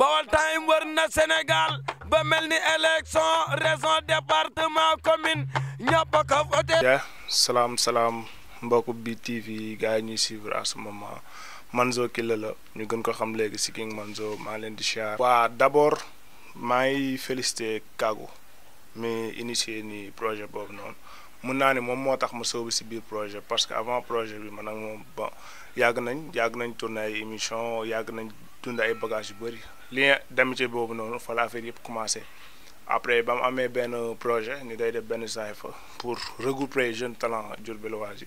Baol Times wër na Sénégal ba mel ni élection région département commune ñëpp a ko voté. salaam salaam mbokku bi TV gars yi ñuy suivre à ce moment Manzo Kile la ñu gën ko xam léegi si King Manzo maa leen di siyaar. waa d' abord maa ngi félicité Kaagu mi initié ni projet boobu noonu. mun naa ne moom moo tax ma sóobu si biir projet parce que avant projet bi man ak moom bo yàgg nañ yàgg nañ tourné ay émission yàgg nañ dund ay bagages yu bëri lien d'amitié boobu noonu fa la affaire yëpp commencer après ba mu amee benn projet ni day def benn saay fa pour regrouper jeunes talents Diourbellois yi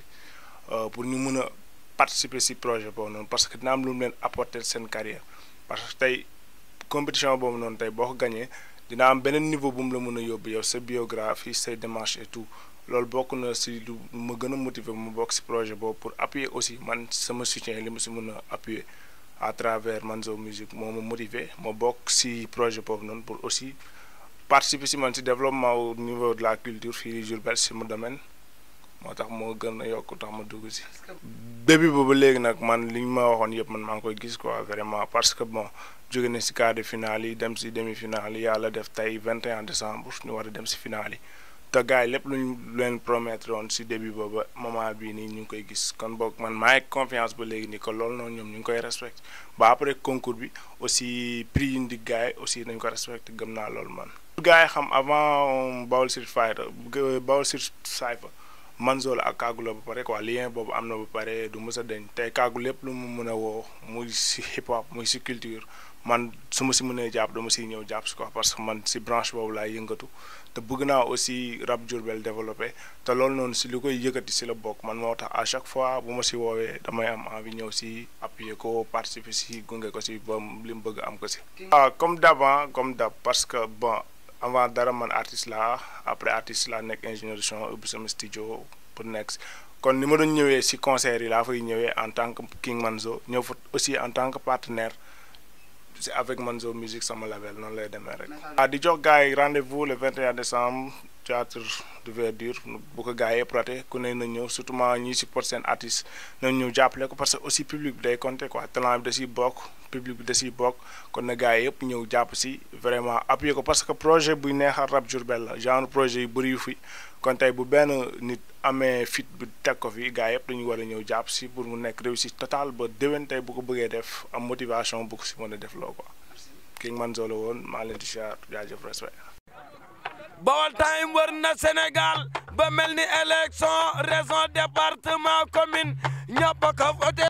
euh, pour ñu mun a participer si projet boobu noonu parce que dina am lu leen apporter seen carrière parce que tey compétition boobu noonu tey boo ko dina am beneen niveau bu mu la mën a yóbbu yow sa biographie say démarche et tout loolu bokk na si lu ma gën a motiver mu bokk si projet boobu pour appuyer aussi man sama soutien li mu si mën a appuyer à travers Manzo Music moo mu motivé ma bokk si projet boobu noonu pour aussi participer si man si développement au niveau de la culture fii di Diourbel si mu domaine moo tax moo gën a yokk tax ma dugg si. début boobu léegi nag man li ñu ma waxoon yëpp man maa ngi koy gis quoi vraiment parce que bon jóge na si quart de finale yi dem si demi finale yi yàlla def tey 21 décembre ñu war a dem si finale yi. te gars yi lépp luñ leen promettre woon si début booba moment bii nii ñu ngi koy gis kon boog man maa ngi confiance ba léegi nii ko lool noonu ñoom ñu ngi koy respecté ba après concours bi aussi prix yi ñu di gars aussi nañ ko respecté gëm naa lool man. gars yi xam avant Baol Street Fighter Baol Street Cypher Mansour ak Kaaguloo ba pare quoi lien am na ba pare du mës deñ tey kaagu lépp lu mu mën a woo muy si hip hop muy si culture man su ma si mënee jàpp dama si ñëw jàpp su ko parce que man si branche boobu laay yëngatu te bëgg naa aussi rap Diourbel développé te loolu noonu si lu koy yëkkati si la bokk man moo tax à chaque fois bu ma si woowee damay am envie ñëw si appuyer ko participer si gunge ko si ba li mu bëgg am ko si. ah comme d'avant comme d'hab parce que bon. avant dara man artiste la après artiste la nekk ingénieur du son ubbi sama studio pour nekk kon ni ma doon ñëwee si concert yi laa fay ñëwee en tant que King Manzo ñëw fa aussi en tant que partenaire si avec Manzo Musique sama label noonu lay demee rek. ah di jox gars yi rendez le 21 décembre théâtre de verdure bu ko gars yëpp ku ne na ñëw surtout maa ñuy support seen artiste nañ ñëw jàppale ko parce que aussi public bi day compter quoi talent bi da siy bokk. public bi da siy bokk kon na gars yi yëpp ñëw jàpp si vraiment appuyer ko parce que projet buy neexal rap Diourbel la genre projet yu bëri fi kon tey bu benn nit amee fit bi teg ko fi gars yëpp dañu war a ñëw jàpp si pour mu nekk réussite totale ba déwén tey bu ko bëggee def am motivation bu ko si a def loo ko King Manzo woon maa leen di ziar jaajëf respect. Baol Times wër na Sénégal ba mel élection région département commune ñëpp ko voté